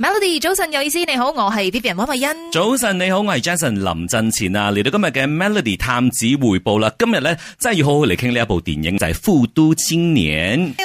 Melody，早晨有意思，你好，我係 B B 人汪慧欣。早晨你好，我係 Jason 林振前啊，嚟到今日嘅 Melody 探子回報啦。今日咧真係要好好嚟傾呢一部電影，就係、是《富都青年》。哎